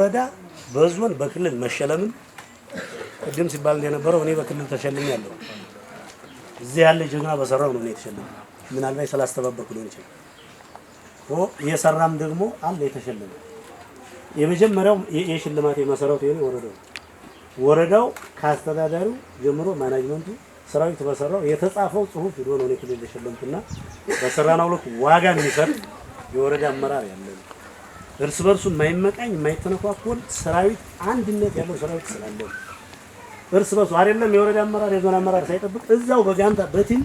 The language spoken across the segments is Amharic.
ወረዳ በዞን በክልል መሸለምን ቅድም ሲባል እንደነበረው እኔ በክልል ተሸልኛለሁ። እዚህ ያለ ጀግና በሰራው ነው እኔ የተሸለመ። ምናልባት ስላስተባበርኩ ሊሆን ይችላል። የሰራም ደግሞ አለ የተሸለመ። የመጀመሪያው የሽልማት የመሰረቱ የሆነ ወረዳው ወረዳው ከአስተዳዳሪው ጀምሮ ማናጅመንቱ ሰራዊት በሰራው የተጻፈው ጽሁፍ ሄዶ ነው እኔ ክልል የተሸለምኩና በሰራናው ልክ ዋጋ የሚሰጥ የወረዳ አመራር ያለ ነው። እርስ በርሱ የማይመቃኝ የማይተነኳኮል ሰራዊት አንድነት ያለው ሰራዊት ስላለ። እርስ በርሱ አይደለም የወረዳ አመራር የዞን አመራር ሳይጠብቅ እዛው በጋንታ በቲም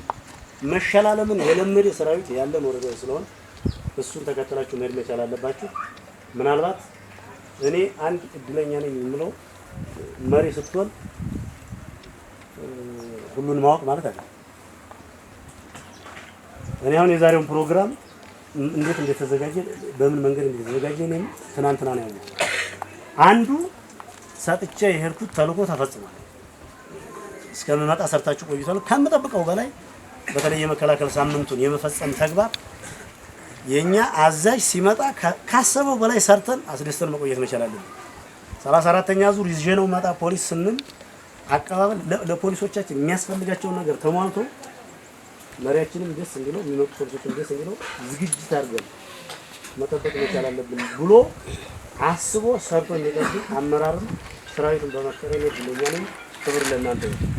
መሸላለምን የለመደ ሰራዊት ያለን ወረዳ ስለሆነ እሱን ተከትላችሁ መሄድ መቻል አለባችሁ። ምናልባት እኔ አንድ እድለኛ ነኝ የምለው መሪ ስትሆን ሁሉን ማወቅ ማለት አይደለም። እኔ አሁን የዛሬውን ፕሮግራም እንዴት እንደተዘጋጀ በምን መንገድ እንደተዘጋጀ እኔም ትናንትና ነው ያለው። አንዱ ሰጥቼ የሄድኩት ተልእኮ ተፈጽሟል። እስከምመጣ ሰርታችሁ ቆይቷል። ከምጠብቀው በላይ በተለይ የመከላከል ሳምንቱን የመፈጸም ተግባር የኛ አዛዥ ሲመጣ ካሰበው በላይ ሰርተን አስደስተን መቆየት መቻላለን። አለብን። ሰላሳ አራተኛ ዙር ይዤ ነው መጣ ፖሊስ ስንል አቀባበል ለፖሊሶቻችን የሚያስፈልጋቸውን ነገር ተሟልቶ መሪያችንም ደስ እንዲለው የሚመጡ ሰዎችም ደስ እንዲለው ዝግጅት አድርገን መጠበቅ መቻል አለብን ብሎ አስቦ ሰርቶ የሚቀጥል አመራርም ሰራዊቱን በመከረኔ ብለኛንም ክብር ለእናንተ ነው።